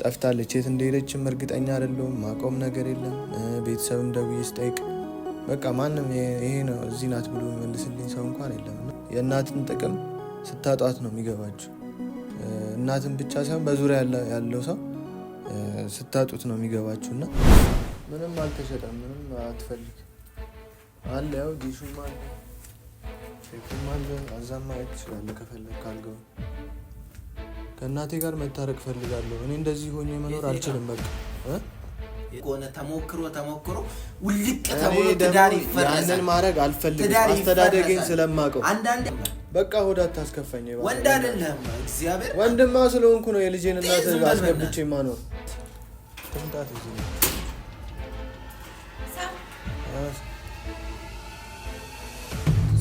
ጠፍታለች። የት እንደሄደችም እርግጠኛ አይደለሁም። ማቆም ነገር የለም። ቤተሰብም ደውዬ ስጠይቅ በቃ ማንም ይሄ ነው እዚህ ናት ብሎ መልስልኝ ሰው እንኳን የለም። የእናትን ጥቅም ስታጧት ነው የሚገባችሁ። እናትን ብቻ ሳይሆን በዙሪያ ያለው ሰው ስታጡት ነው የሚገባችሁ። እና ምንም አልተሸጠም። ምንም አትፈልግ አለ ያው ዲሹም አለ ሴኩም አለ። አዛም ማየት ትችላለህ ከፈለግ ካልገቡ ከእናቴ ጋር መታረቅ ፈልጋለሁ። እኔ እንደዚህ ሆኜ መኖር አልችልም። በቃ ሆነ ተሞክሮ ተሞክሮ ውልቅ ተብሎ ትዳር ይፈረሳል። ያንን ማድረግ አልፈልግም። አስተዳደጌን ስለማውቀው አንዳንዴ በቃ ሆዳ አታስከፋኝ። ወንድ እግዚአብሔር ወንድማ ስለሆንኩ ነው የልጄን እናት አስገብቼ ማኖር ትምጣት እዚህ ነው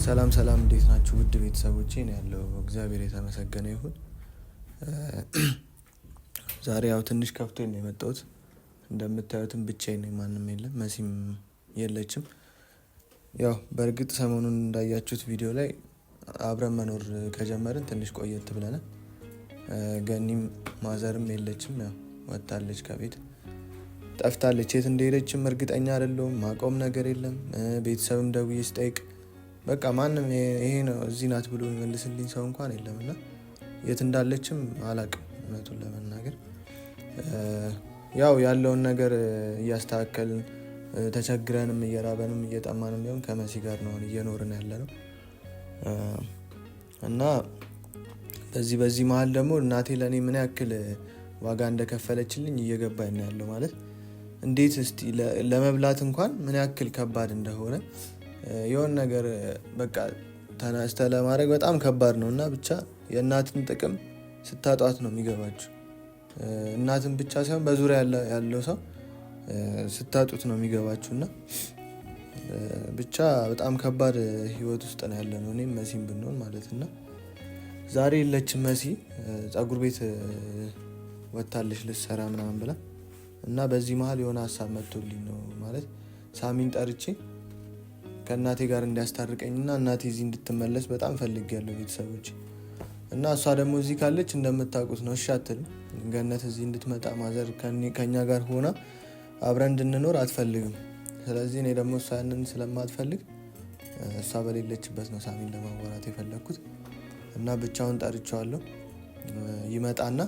ሰላም ሰላም፣ እንዴት ናችሁ ውድ ቤተሰቦቼ? ነው ያለው እግዚአብሔር የተመሰገነ ይሁን። ዛሬ ያው ትንሽ ከፍቶ ነው የመጣሁት። እንደምታዩትም ብቻዬን ነኝ፣ ማንም የለም፣ መሲም የለችም። ያው በእርግጥ ሰሞኑን እንዳያችሁት ቪዲዮ ላይ አብረን መኖር ከጀመርን ትንሽ ቆየት ብለናል። ገኒም ማዘርም የለችም፣ ያው ወጣለች ከቤት ጠፍታለች። የት እንደሄደችም እርግጠኛ አይደለሁም። ማቆም ነገር የለም። ቤተሰብም ደውዬ ስጠይቅ በቃ ማንም ይሄ ነው እዚህ ናት ብሎ መልስልኝ ሰው እንኳን የለም የት እንዳለችም አላቅም እውነቱን ለመናገር ያው ያለውን ነገር እያስተካከልን ተቸግረንም እየራበንም እየጠማንም ቢሆን ከመሲ ጋር ነሆን እየኖርን ያለ ነው እና በዚህ በዚህ መሀል ደግሞ እናቴ ለእኔ ምን ያክል ዋጋ እንደከፈለችልኝ እየገባኝ ነው ያለው ማለት እንዴት እስቲ ለመብላት እንኳን ምን ያክል ከባድ እንደሆነ የሆን ነገር በቃ ተናስተ ለማድረግ በጣም ከባድ ነው እና ብቻ የእናትን ጥቅም ስታጧት ነው የሚገባችሁ። እናትን ብቻ ሳይሆን በዙሪያ ያለው ሰው ስታጡት ነው የሚገባችሁ እና ብቻ በጣም ከባድ ህይወት ውስጥ ነው ያለ ነው። እኔም መሲም ብንሆን ማለት እና ዛሬ የለችም መሲ ፀጉር ቤት ወታለች ልትሰራ ምናምን ብላ እና በዚህ መሀል የሆነ ሀሳብ መጥቶልኝ ነው ማለት ሳሚን ጠርቼ ከእናቴ ጋር እንዲያስታርቀኝ እና እናቴ እዚህ እንድትመለስ በጣም ፈልጌያለሁ ቤተሰቦች እና እሷ ደግሞ እዚህ ካለች እንደምታውቁት ነው እሻትል ገነት እዚህ እንድትመጣ ማዘር ከኛ ጋር ሆና አብረን እንድንኖር አትፈልግም። ስለዚህ እኔ ደግሞ እሷ ያንን ስለማትፈልግ እሷ በሌለችበት ነው ሳሚን ለማዋራት የፈለግኩት እና ብቻውን ጠርቸዋለሁ። ይመጣና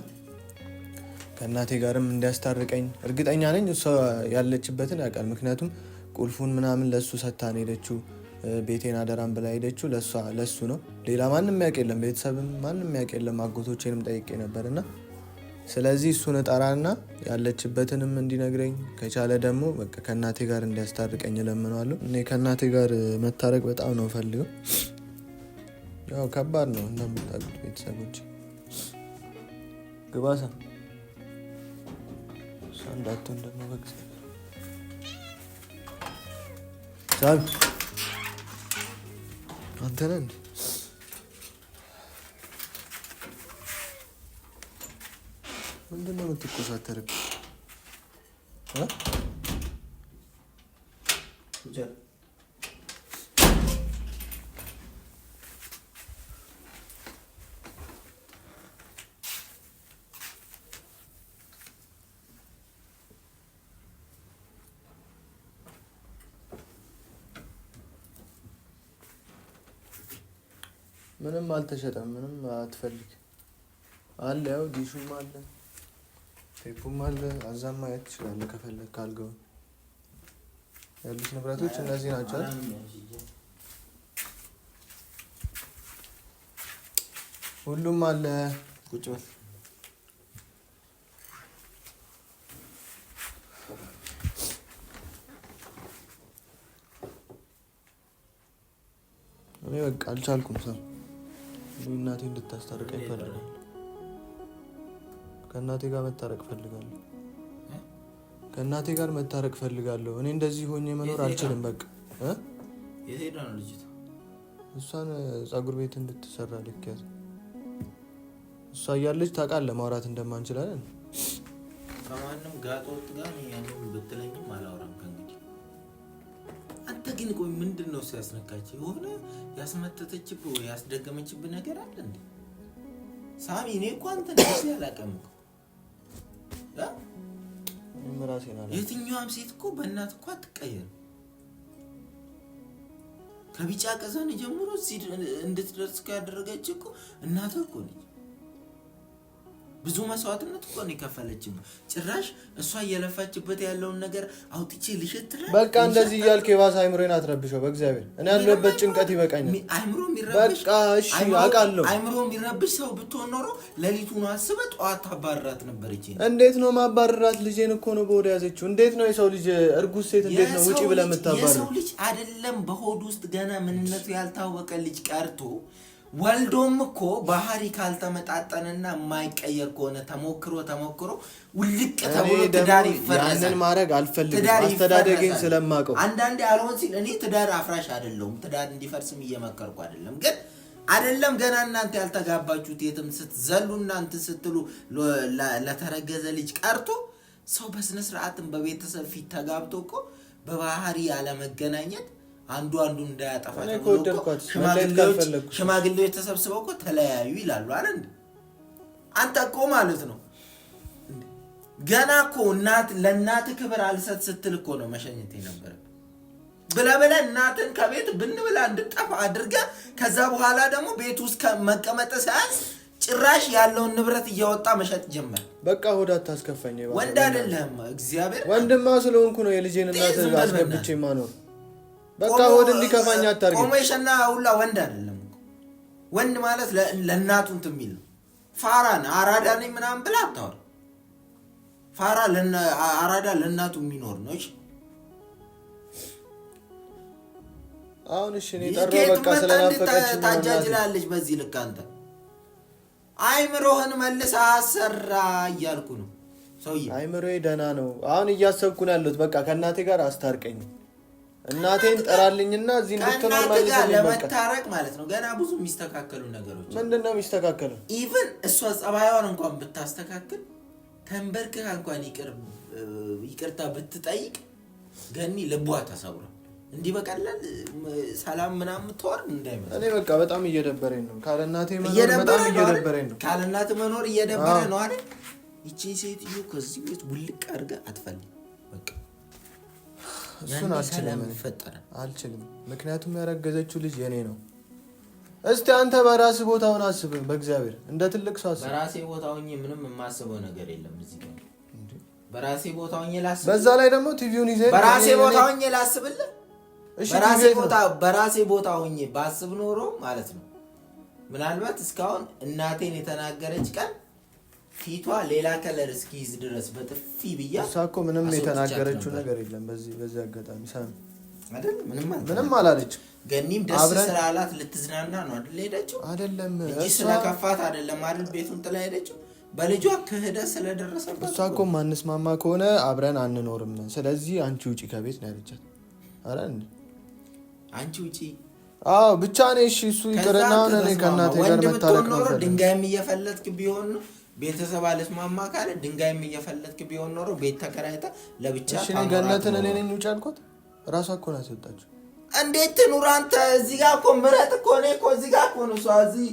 ከእናቴ ጋርም እንዲያስታርቀኝ እርግጠኛ ነኝ። እሷ ያለችበትን ያውቃል። ምክንያቱም ቁልፉን ምናምን ለእሱ ሰታን ሄደችው ቤቴን አደራም ብላ ሄደችው ለሱ ነው። ሌላ ማንም ያውቅ የለም፣ ቤተሰብም ማንም ያውቅ የለም። አጎቶቼንም ጠይቄ ነበር እና ስለዚህ እሱን እጠራና ያለችበትንም እንዲነግረኝ ከቻለ ደግሞ ከእናቴ ጋር እንዲያስታርቀኝ እለምነዋለሁ። እኔ ከእናቴ ጋር መታረቅ በጣም ነው ፈልገው። ያው ከባድ ነው እንደምታውቁት ቤተሰቦች። ግባሳ እንዳትሆን ደግሞ 저한테는 언제만 듣고 살 때를 어? 이제 አልተሸጠም። ምንም አትፈልግ አለ። ያው ዲሹም አለ፣ ቴፑም አለ። አዛም ማየት ትችላለህ ከፈለግ። ካልገው ያሉት ንብረቶች እነዚህ ናቸው። ሁሉም አለ። ቁጭ በል እኔ በቃ አልቻልኩም ሰው እናቴ እንድታስታርቀኝ ይፈልጋል። ከእናቴ ጋር መታረቅ ፈልጋለሁ። ከእናቴ ጋር መታረቅ ፈልጋለሁ። እኔ እንደዚህ ሆኜ መኖር አልችልም። በቃ እሷን ፀጉር ቤት እንድትሰራ ልክያት። እሷ እያለች ታውቃለህ ማውራት እንደማንችላለን ከማንም ጋጦት ጋር ያለውን ብትለኝም አላውራም አንተ ግን ቆይ ምንድን ነው ሲያስነካች የሆነ ያስመተተችብ ወይ ያስደገመችብ ነገር አለ እንዴ? ሳሚ እኔ እኮ አንተ እንደዚህ አላቀም እ የትኛዋም ሴት እኮ በእናት እኮ አትቀየር። ከቢጫ ቀዘን ጀምሮ እንድትደርስ ካደረገች እኮ እናትህ እኮ ነች። ብዙ መስዋዕትነት እኮ ነው ጭራሽ እሷ እየለፋችበት ያለውን ነገር አውጥቼ ልሸትረ በቃ እንደዚህ እያልክ የባሰ አይምሮን አትረብሸው። በእግዚአብሔር እኔ ያለበት ጭንቀት ይበቃኛል። አይምሮ የሚረብሽ ሰው ብትሆን ኖሮ ሌሊቱን አስበ ጠዋት ነበር። ነበረች። እንዴት ነው ማባረራት? ልጄን እኮ ነው በወደ ያዘችው። እንዴት ነው የሰው ልጅ እርጉዝ ሴት እንዴት ነው ውጪ ብለህ የምታባርራት? የሰው ልጅ አይደለም በሆድ ውስጥ ገና ምንነቱ ያልታወቀ ልጅ ቀርቶ ወልዶም እኮ ባህሪ ካልተመጣጠንና የማይቀየር ከሆነ ተሞክሮ ተሞክሮ ውልቅ ተብሎ ትዳር ይፈረሳል። ማድረግ አልፈልግም፣ አስተዳደገኝ ስለማውቀው አንዳንዴ አልሆን ሲል እኔ ትዳር አፍራሽ አይደለሁም። ትዳር እንዲፈርስም እየመከርኩ አይደለም ግን አይደለም ገና እናንተ ያልተጋባችሁት የትም ስትዘሉ እናንተ ስትሉ ለተረገዘ ልጅ ቀርቶ ሰው በስነስርዓትም በቤተሰብ ፊት ተጋብቶ እኮ በባህሪ ያለመገናኘት አንዱ አንዱ እንዳያጠፋ ሽማግሌዎች ተሰብስበው እኮ ተለያዩ ይላሉ። አለ አንተ እኮ ማለት ነው ገና እኮ እናት ለእናት ክብር አልሰት ስትል እኮ ነው መሸኘት ነበር ብለ ብለ እናትን ከቤት ብን ብላ እንድጠፋ አድርገ ከዛ በኋላ ደግሞ ቤት ውስጥ መቀመጥ ሳያንስ ጭራሽ ያለውን ንብረት እያወጣ መሸጥ ጀመር። በቃ ሆድ ታስከፈኝ ወንድ አይደለህም። እግዚአብሔር ወንድማ ስለሆንኩ ነው የልጄን እናት አስገብቼ ማኖር በቃ ወደ እንዲከፋኝ አታርግ። ቆሜሽና ሁላ ወንድ አይደለም። ወንድ ማለት ለእናቱ እንትን የሚል ነው። ፋራን አራዳ ነኝ ምናምን ብላ አታወራ። ፋራ አራዳ ለእናቱ የሚኖር ነው። እሺ አሁን እሺ፣ እኔ ጠራው በቃ ስለናፈቀች ታጃጅላለች። በዚህ ልክ አንተ አይምሮህን መልስ አሰራ እያልኩ ነው ሰውዬ። አይምሮዬ ደህና ነው። አሁን እያሰብኩ ነው ያለሁት። በቃ ከእናቴ ጋር አስታርቀኝ። እናቴን ጠራልኝና እዚህ እንድትኖር ለመታረቅ ማለት ነው። ገና ብዙ የሚስተካከሉ ነገሮች ምንድን ነው የሚስተካከሉ? ኢቨን እሷ ጸባይዋን እንኳን ብታስተካክል ተንበርክካ እንኳን ይቅርታ ብትጠይቅ ገኒ ልቧ ተሰብሮ እንዲህ በቀላል ሰላም ምናምን ምትወር እንዳይመስል። እኔ በቃ በጣም እየደበረኝ ነው። ካለ እናቴ መኖር እየደበረ ነው አይደል? ይቺ ሴትዮ ከዚህ ቤት ውልቅ አድርገህ አትፈልግ እሱን አልችልም አልችልም። ምክንያቱም ያረገዘችው ልጅ የኔ ነው። እስቲ አንተ በራስህ ቦታውን አስብ። በእግዚአብሔር እንደ ትልቅ ሰው አስብ። በራሴ ቦታ ሆኜ ምንም የማስበው ነገር የለም እዚህ ጋር በራሴ ቦታ ሆኜ ላስብ። በዛ ላይ ደግሞ ቲቪውን ይዘህ በራሴ ቦታ ሆኜ ላስብልህ። እሺ በራሴ ቦታ ሆኜ ባስብ ኖሮ ማለት ነው ምናልባት እስካሁን እናቴን የተናገረች ቀን ፊቷ ሌላ ከለር እስኪይዝ ድረስ በጥፊ ብያ። እሷ እኮ ምንም የተናገረችው ነገር የለም። በዚህ በዚህ አጋጣሚ ሳሚ ምንም አላለች። ገኒም ደስ ስላላት ልትዝናና ነው አይደል ሄደችው? አይደለም እንጂ ስለከፋት አይደለም አይደል ቤቱን ጥላ ሄደችው። በልጇ ክህደ ስለደረሰበት እሷ እኮ ማንስማማ ከሆነ አብረን አንኖርም፣ ስለዚህ አንቺ ውጪ ከቤት ነው ያለቻት። አረ አንቺ ውጪ አዎ ብቻ ነሽ። እሱ ይቅርና ሆነ ከእናቴ ጋር መታረቅ ነው። ድንጋይም እየፈለጥክ ቢሆን ነው ቤተሰብ አልስማማ ካለ ድንጋይም እየፈለጥክ ቢሆን ኖሮ ቤት ተከራይታ ለብቻ ገነትን እኔ ነኝ ውጭ አልኳት። ራሷ እኮ ናት የወጣችው። እንዴት ትኑር አንተ? እዚህ ጋር እኮ ምረጥ እኮ እኔ እኮ እዚህ ጋር እኮ ነው እሷ እዚህ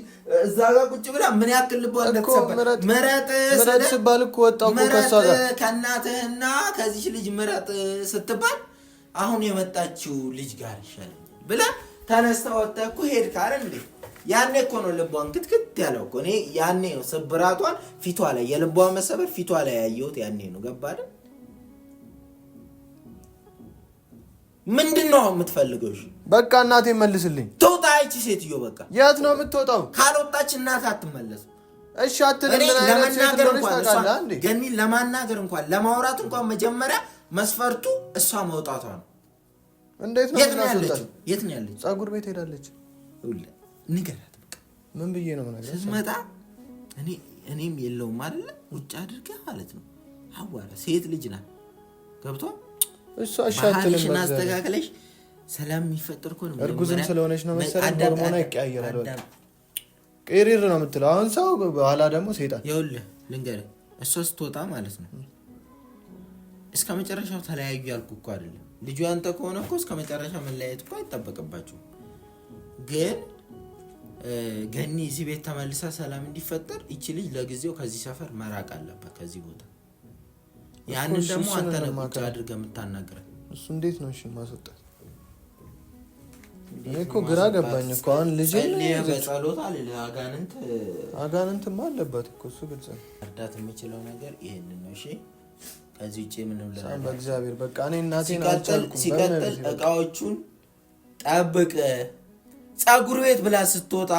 እዛ ጋር ቁጭ ብላ ምን ያክል ልቧ እንደተሰበረ ምረጥ ስባል እኮ ወጣሁ እኮ ከእሷ ጋር ከእናትህና ከዚች ልጅ ምረጥ ስትባል አሁን የመጣችው ልጅ ጋር ይሻለኛል ብላ ተነስታ ወጥተህ እኮ ሄድክ አይደል እንዴ? ያኔ እኮ ነው ልቧን ክትክት ያለው እኮ እኔ ያኔ ነው ስብራቷን ፊቷ ላይ የልቧ መሰበር ፊቷ ላይ ያየሁት ያኔ ነው። ገባ ምንድን ነው የምትፈልገው? በቃ እናቴ መልስልኝ። ትውጣ ይቺ ሴትዮ። በቃ የት ነው የምትወጣው? ካልወጣች እናት አትመለስ እሺ ለማናገር እንኳን ለማውራት እንኳን መጀመሪያ መስፈርቱ እሷ መውጣቷ ነው። እንዴት ነው? የት ነው ያለችው? ፀጉር ቤት ሄዳለች። ንገራት። ምን ብዬ ነው ነገር ስትመጣ እኔም የለውም አይደለ? ውጭ አድርገህ ማለት ነው። አዋራ ሴት ልጅ ናት። ገብቶ ባህልሽን አስተካክለሽ ሰላም የሚፈጠር እኮ ነው። እርጉዝም ስለሆነች ነው መሰለኝ ሆርሞና ይቀያየራል። ቅሪር ነው የምትለው አሁን ሰው በኋላ ደግሞ ሴጣን። ይኸውልህ ልንገር፣ እሷ ስትወጣ ማለት ነው እስከ መጨረሻው ተለያዩ ያልኩ እኮ አይደለም። ልጁ ያንተ ከሆነ እኮ እስከ መጨረሻ መለያየት እኮ አይጠበቅባቸውም ግን ገኒ እዚህ ቤት ተመልሳ ሰላም እንዲፈጠር ይቺ ልጅ ለጊዜው ከዚህ ሰፈር መራቅ አለበት፣ ከዚህ ቦታ። ያንን ደግሞ አንተ ነው ቁጭ አድርገህ እሱ እንዴት ነው እሺ? ማስወጣት እኔ እኮ ግራ ገባኝ እኮ አሁን ልጅ በጸሎት አለ አጋንንት አጋንንትማ አለባት እኮ እሱ ግልጽ ነው። እርዳት የምችለው ነገር ይህን ነው። እሺ ከዚህ ውጭ ምንም ልረዳ በእግዚአብሔር በቃ እኔ እናቴን አልቻልኩም። ሲቀጥል እቃዎቹን ጠብቅ ፀጉር ቤት ብላ ስትወጣ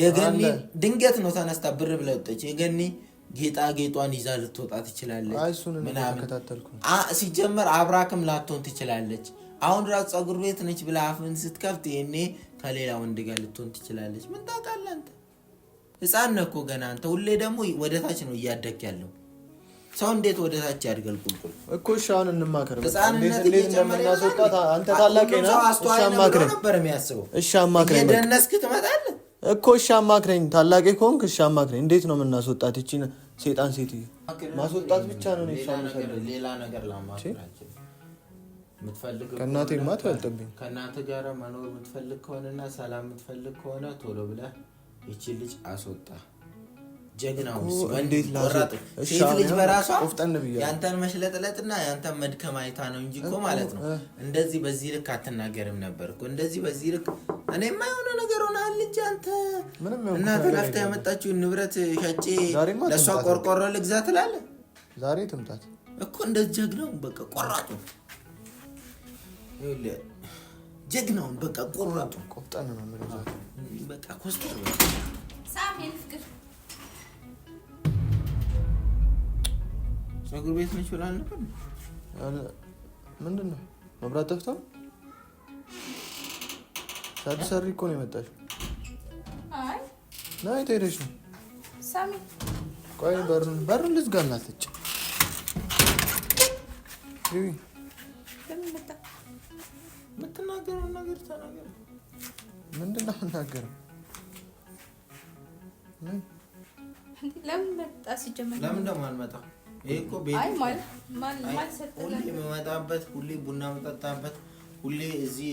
የገኒ ድንገት ነው ተነስታ ብር ብላ ወጣች። የገኒ ጌጣጌጧን ይዛ ልትወጣ ትችላለች ሲጀመር አብራክም ላትሆን ትችላለች። አሁን ራሱ ፀጉር ቤት ነች ብላ አፍን ስትከፍት ይሄኔ ከሌላ ወንድ ጋር ልትሆን ትችላለች። ምን ታውቃለህ አንተ? ህፃን ነህ እኮ ገና አንተ። ሁሌ ደግሞ ወደታች ነው እያደግ ያለው ሰው እንዴት ወደ ታች ያድጋል? ቁልቁል እኮ እሺ፣ አሁን እንማከር። ህፃንነት አንተ ታላቅ ነህ። እሺ አማክረኝ፣ እየደነስክ ትመጣለህ እኮ እሺ አማክረኝ። ታላቅ ከሆንክ እሺ አማክረኝ። እንዴት ነው የምናስወጣት? ይቺ ሴጣን ሴትዮ ማስወጣት ብቻ ነው። ሌላ ማ ላማክራችን ትበልጥብኝ። ከእናትህ ጋር መኖር የምትፈልግ ከሆነና ሰላም የምትፈልግ ከሆነ ቶሎ ብለህ ይቺ ልጅ አስወጣ። ጀግናው ልጅ በራሷ ያንተን መሽለጥለጥና ያንተን መድከም አይታ ነው እንጂ እኮ ማለት ነው። እንደዚህ በዚህ ልክ አትናገርም ነበር እኮ እንደዚህ በዚህ ልክ እኔ የማይሆነ ነገር ሆናል ልጅ አንተ እና ተላፍታ ያመጣችውን ንብረት ሸጬ ለእሷ ቆርቆሮ ልግዛ ትላለህ። ዛሬ ትምጣት እኮ እንደ ጀግናው በቃ ቆራጡ ጀግናውን በቃ ቆራጡ ቆፍጠን ነው በቃ ኮስተር ፀጉር ቤት ነች ብላል ምንድን ነው መብራት ጠፍታ አዲስ እኮ ነው የመጣችው። ናይ ተሄደች ነው። ቆይ በሩን በሩን ልዝጋ። እናትች የምትናገረውን ነገር ተናገር። ምንድን ነው የምናገረው? ለምን መጣ ሲጀመር? ለምን ደግሞ አልመጣም ይሄ ሁሌ የምመጣበት ሁሌ ቡና የምጠጣበት ሁሌ እዚህ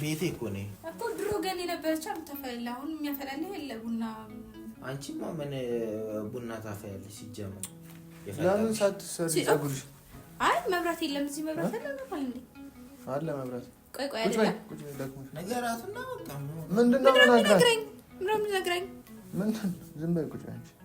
ቤቴ እኮ ነኝ እኮ። ድሮ ገን የነበረች አልተፈላ አሁን የሚያፈላልህ የለ ቡና። አንቺማ ምን ቡና ታፈያለሽ? ሲጀመር ለምን ሳትሰሪ አይ መብራት የለም እዚህ መብራት አለ መብራት። ቆይ ቆይ አለ ነገራቱና በቃ ምንድን ዝም በይ ቁጭ አንቺ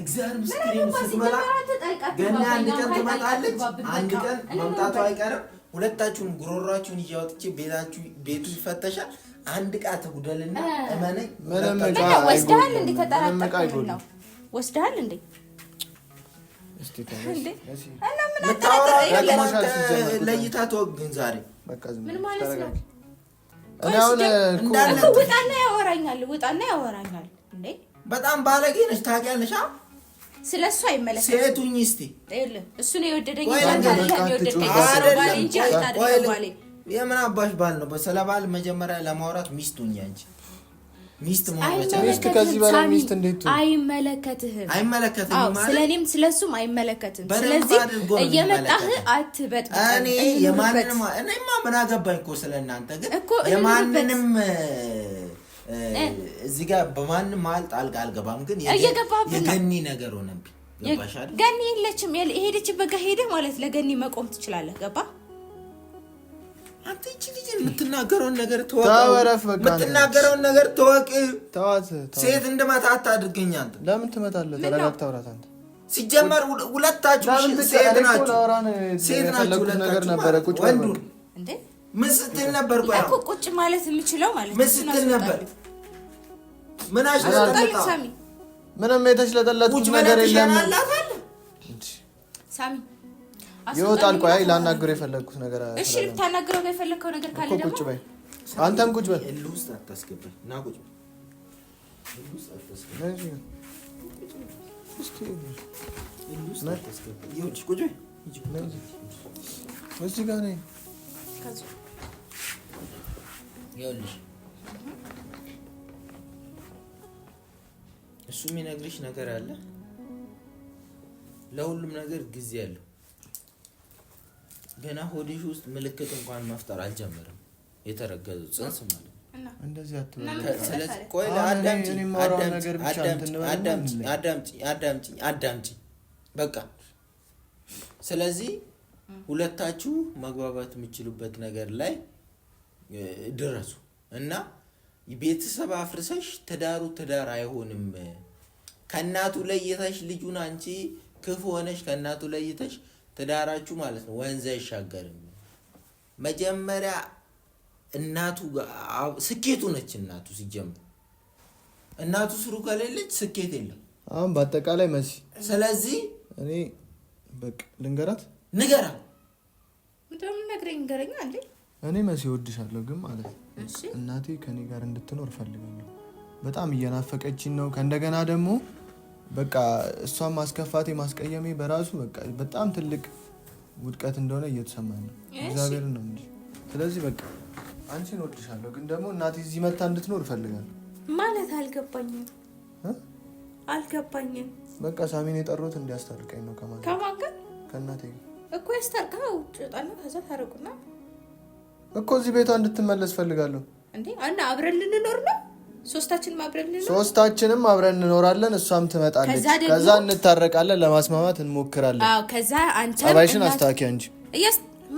አንድ ቀን ትመጣለች። አንድ መምጣቱ አይቀርም። ሁለታችሁም ጉሮሯችሁን እያወጥቼ ቤታችሁ ቤቱ ይፈተሻል። አንድ ዕቃ ትጉደልና እመነኝ። ወስደሃል እንዴ? ተጠራጠርኩ ነው ወስደሃል እንዴ? ለይታ ተወግን ዛሬ ምን ማለት ነው? ውጣና ያወራኛል፣ ውጣና ያወራኛል። በጣም ባለጌ ነች ታውቂያለሽ። ስለ እሱ አይመለከትም። ሴቱኝ እስቲ እሱን የወደደኝ የምን አባሽ ባል ነው? ስለ ባል መጀመሪያ ለማውራት ሚስቱኝ አንቺ ሚስት አይመለከትህም። ስለ እኔም ስለ እሱም አይመለከትም። ስለዚህ እየመጣህ አትበጥ። እኔ የማንንም እኔማ ምን አገባኝ እኮ ስለ እናንተ ግን የማንንም እዚህ ጋር በማንም መሀል ጣልቃ አልገባም፣ ግን የገኒ ነገር ሆነብኝ። ገኒ የለችም። የሄደችበት በጋ ሄደ ማለት ለገኒ መቆም ትችላለህ። ገባ አንተ ይቺ ልጅ የምትናገረውን ነገር የምትናገረውን ነገር ተወቅ። ሴት እንድመታ አታድርገኝ። አንተ ለምን ትመታለህ? ተረጋግተህ አውራት። አንተ ሲጀመር ሁለታችሁ ሴት ናችሁ፣ ሴት ናችሁ። ነገር ነበረ ቁጭ ምን ስትል ነበር? ቁጭ ማለት የምችለው ማለት ምን ስትል ነበር? ምንም የተሽለጠለጥኩት ነገር የለም። ሳሚ ይወጣል። ቆይ ላናግረው የፈለግኩት ነገር እሺ፣ ልታናግረው የፈለግከው ነገር ካለ ደግሞ ቁጭ በይ፣ አንተም ቁጭ በል። እዚህ ጋር ነኝ እሱ የሚነግርሽ ነገር አለ። ለሁሉም ነገር ጊዜ አለው። ገና ሆድሽ ውስጥ ምልክት እንኳን መፍጠር አልጀመረም። የተረገዙ ጽንስ ማለት ነው። በቃ ስለዚህ ሁለታችሁ መግባባት የምችሉበት ነገር ላይ ድረሱ እና ቤተሰብ አፍርሰሽ ትዳሩ ትዳር አይሆንም። ከእናቱ ለይተሽ ልጁን አንቺ ክፉ ሆነሽ ከእናቱ ለይተሽ ትዳራችሁ ማለት ነው ወንዝ አይሻገርም። መጀመሪያ እናቱ ስኬቱ ነች። እናቱ ሲጀምር እናቱ ስሩ ከሌለች ስኬት የለም። አሁን በአጠቃላይ መሲ ስለዚህ እኔ በቃ ልንገራት ንገራ ምንም ነግረኝ ንገረኛ አለ እኔ መሲ እወድሻለሁ ግን ማለት ነው እናቴ ከኔ ጋር እንድትኖር ፈልጋለሁ። በጣም እየናፈቀችኝ ነው። ከእንደገና ደግሞ በቃ እሷን ማስከፋቴ ማስቀየሜ በራሱ በቃ በጣም ትልቅ ውድቀት እንደሆነ እየተሰማኝ ነው። እግዚአብሔር ነው እንጂ ስለዚህ በቃ አንቺን እወድሻለሁ፣ ግን ደግሞ እናቴ እዚህ መታ እንድትኖር እፈልጋለሁ። ማለት አልገባኝም አልገባኝም። በቃ ሳሚን የጠሩት እንዲያስታርቀኝ ነው። ከማን ከማን ጋር? ከእናቴ እኮ ያስታርቀው ጭጣና ከዛ ታረቁና እኮ እዚህ ቤቷ እንድትመለስ ፈልጋለሁ። እንዴ እና አብረን ልንኖር ነው? ሶስታችንም አብረን ልንኖር ሶስታችንም አብረን እንኖራለን። እሷም ትመጣለች፣ ከዛ እንታረቃለን፣ ለማስማማት እንሞክራለን። ከዛ አንተ ጸባይሽን አስተካኪያ እንጂ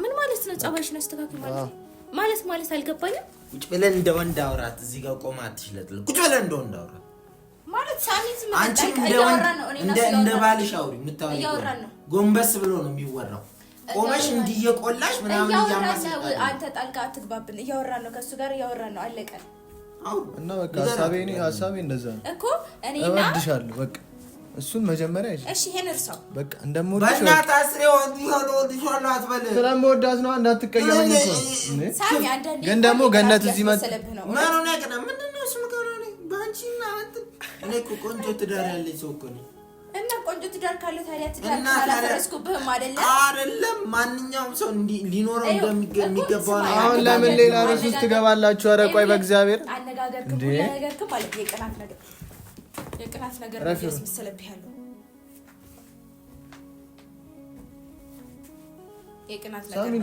ምን ማለት ነው? ጸባይሽን አስተካኪ ማለት ማለት ማለት አልገባኝም። ቁጭ ብለን እንደ ወንድ አውራት። እዚህ ጋር ቆማ አትችለት። ቁጭ ብለን እንደ ወንድ አውራት ማለት ሳሚዝ ምን ማለት እንደ ባልሽ አውሪ። የምታወሪው ጎንበስ ብሎ ነው የሚወራው ቆመሽ እንዲህ እየቆላሽ ምናምን እያወራን አንተ ጣልቃ አትግባብን። እያወራን ነው፣ ከእሱ ጋር እያወራን ነው። አለቀ እና በቃ ሀሳቤ እኔ ሀሳቤ እንደዛ ነው እኮ እኔና እወድሻለሁ። በቃ እሱን መጀመሪያ እሺ፣ እሺ፣ እርሳው። በቃ አትበል። ስለምወዳት ነው እንዳትቀየመኝ እኮ ግን ደግሞ ገነት እዚህ መጥ ምንድን ነው እሱ ምከራ በአንቺ እና አንተ እኔ እኮ ቆንጆ ትዳር ያለኝ ሰው እኮ ትዳር ካለ ታዲያ ትዳር ካላፈረስኩብህም አይደለም አይደለም ማንኛውም ሰው ሊኖረው እንደሚገባው ነው። አሁን ለምን ሌላ ርዕስ ውስጥ ትገባላችሁ? ኧረ ቆይ በእግዚአብሔር አነጋገርክም ሁላ ነገርክም ማለት የቅናት ነገር የቅናት ነገር ስ መሰለብህ ያለው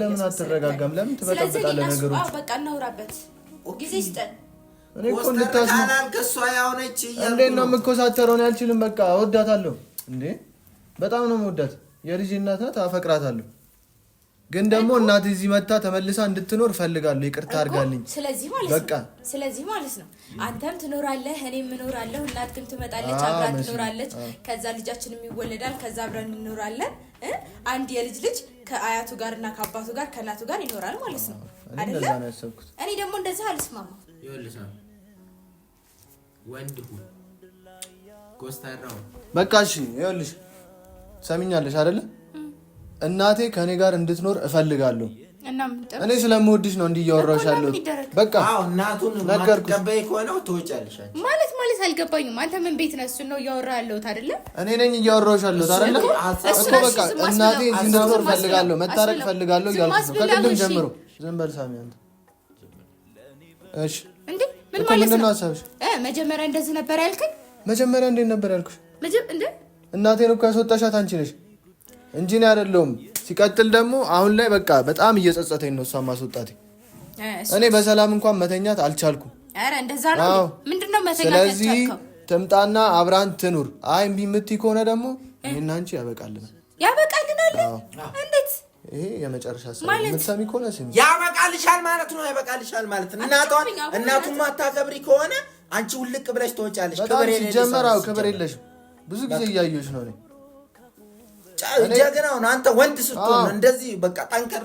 ለምን አትረጋጋም? ለምን ትበጠብጣለህ? ነገሮች በቃ እናውራበት ጊዜ ስጠን። እንዴት ነው የምኮሳተረውን ያልችልም። በቃ እወዳታለሁ እንዴ በጣም ነው መወዳት። የልጅ እናት ናት፣ አፈቅራታለሁ። ግን ደግሞ እናት እዚህ መታ ተመልሳ እንድትኖር እፈልጋለሁ። ይቅርታ አድርጋልኝ። በቃ ስለዚህ ማለት ነው አንተም ትኖራለህ፣ እኔም እኖራለሁ። እናት ግን ትመጣለች፣ አብራ ትኖራለች። ከዛ ልጃችንም ይወለዳል። ከዛ አብረን እንኖራለን። አንድ የልጅ ልጅ ከአያቱ ጋር እና ከአባቱ ጋር ከእናቱ ጋር ይኖራል ማለት ነው አይደለም? እኔ ደግሞ እንደዛ አልስማማ። ወንድ ሁን፣ ጎስታራው በቃ እሺ። ይኸውልሽ ሰሚኛለሽ አይደለ? እናቴ ከእኔ ጋር እንድትኖር እፈልጋለሁ። እኔ ስለምወድሽ ነው እንዲህ እያወራሁሽ ያለሁት። በቃ እናቱን ማትቀበይ ከሆነ ትወጫለሽ። ማለት ማለት አልገባኝም። አንተ ምን ቤት ነህ? እሱን ነው እያወራሁ ያለሁት አይደለ? እኔ ነኝ እያወራሁሽ ያለሁት አይደለ? እኮ በቃ እናቴ እዚህ እንድትኖር እፈልጋለሁ፣ መታረቅ እፈልጋለሁ እያልኩሽ ነው ከቅድም ጀምሮ። ዝም በል ሳሚ አንተ። እሺ እንዴ ምን ማለት ነው? መጀመሪያ እንደዚህ ነበር ያልከኝ። መጀመሪያ እንዴት ነበር ያልኩሽ? እንዴ እናቴን እኮ ያስወጣሻት አንቺ ነሽ እንጂ እኔ አይደለሁም። ሲቀጥል ደግሞ አሁን ላይ በቃ በጣም እየጸጸተኝ ነው እሷን ማስወጣት። እኔ በሰላም እንኳን መተኛት አልቻልኩም። ስለዚህ ትምጣና አብራን ትኑር። አይ እምቢ የምትይ ከሆነ ደግሞ እኔና አንቺ ያበቃልናል፣ ይሄ የመጨረሻ የምትሰሚ ከሆነ ያበቃልሻል ማለት ነው። ያበቃልሻል ማለት እናቷን እናቱን ማታከብሪ ከሆነ አንቺ ውልቅ ብለሽ ትወጫለሽ። ክብር የለሽም። ብዙ ጊዜ እያየች ነው እኔ ጀግና ሆነ አንተ ወንድ ስትሆን እንደዚህ በቃ ጠንከር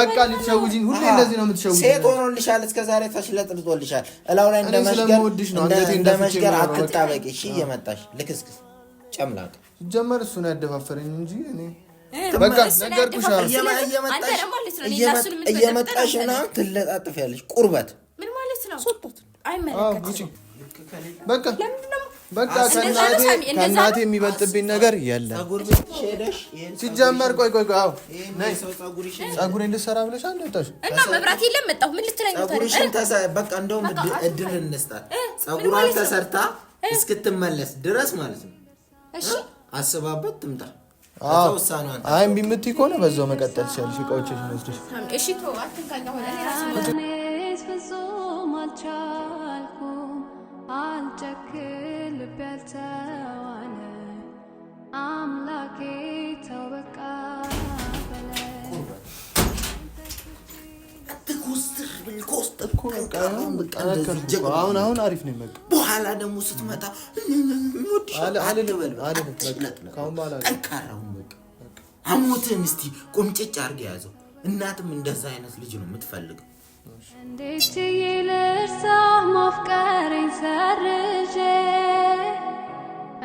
በቃ ልትሸውጂኝ ሁሌ እንደዚህ ነው የምትሸውጂኝ። ሴት ሆኖልሻል፣ እስከ ዛሬ ተሽለጥልጦልሻል። እላው ላይ አትጣበቂ እሺ። እየመጣሽ ልክስክስ ጨምላቅ ያደፋፈረኝ እንጂ እኔ በቃ ነገርኩሽ። እየመጣሽ ምናምን ትለጣጥፊያለሽ ቁርበት አይመለከትም። በቃ ከእናቴ የሚበልጥብኝ ነገር የለም። ሲጀመር ቆይ ቆይ ቆይ ፀጉሬ እንድትሰራ ብለሽ አንድ ወጣሽ እና መብራት የለም መጣሁ። ምን ልትለኝ በቃ እንደውም እድል እንስጣት። ፀጉሯን ተሰርታ እስክትመለስ ድረስ ማለት ነው። እሺ አስባበት ትምጣ። አይ እምቢ የምትይ ከሆነ በዛው መቀጠል ትችያለሽ። እቃዎችሽን ወስደሽ እሺ ልብ ያልተዋለ አምላኬ ተው በቃ አሁን አሁን አሪፍ ነው። ይመጣ በኋላ ደግሞ ስትመጣ አሞትን እስቲ ቆምጭጭ አድርገህ ያዘው። እናትም እንደዛ አይነት ልጅ ነው የምትፈልገው። እንዴት ልርሳ ማፍቀሬን ሰርዤ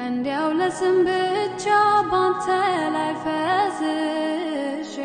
እንዲያው ለስም ብቻ ባንተ ላይ ፈዝዤ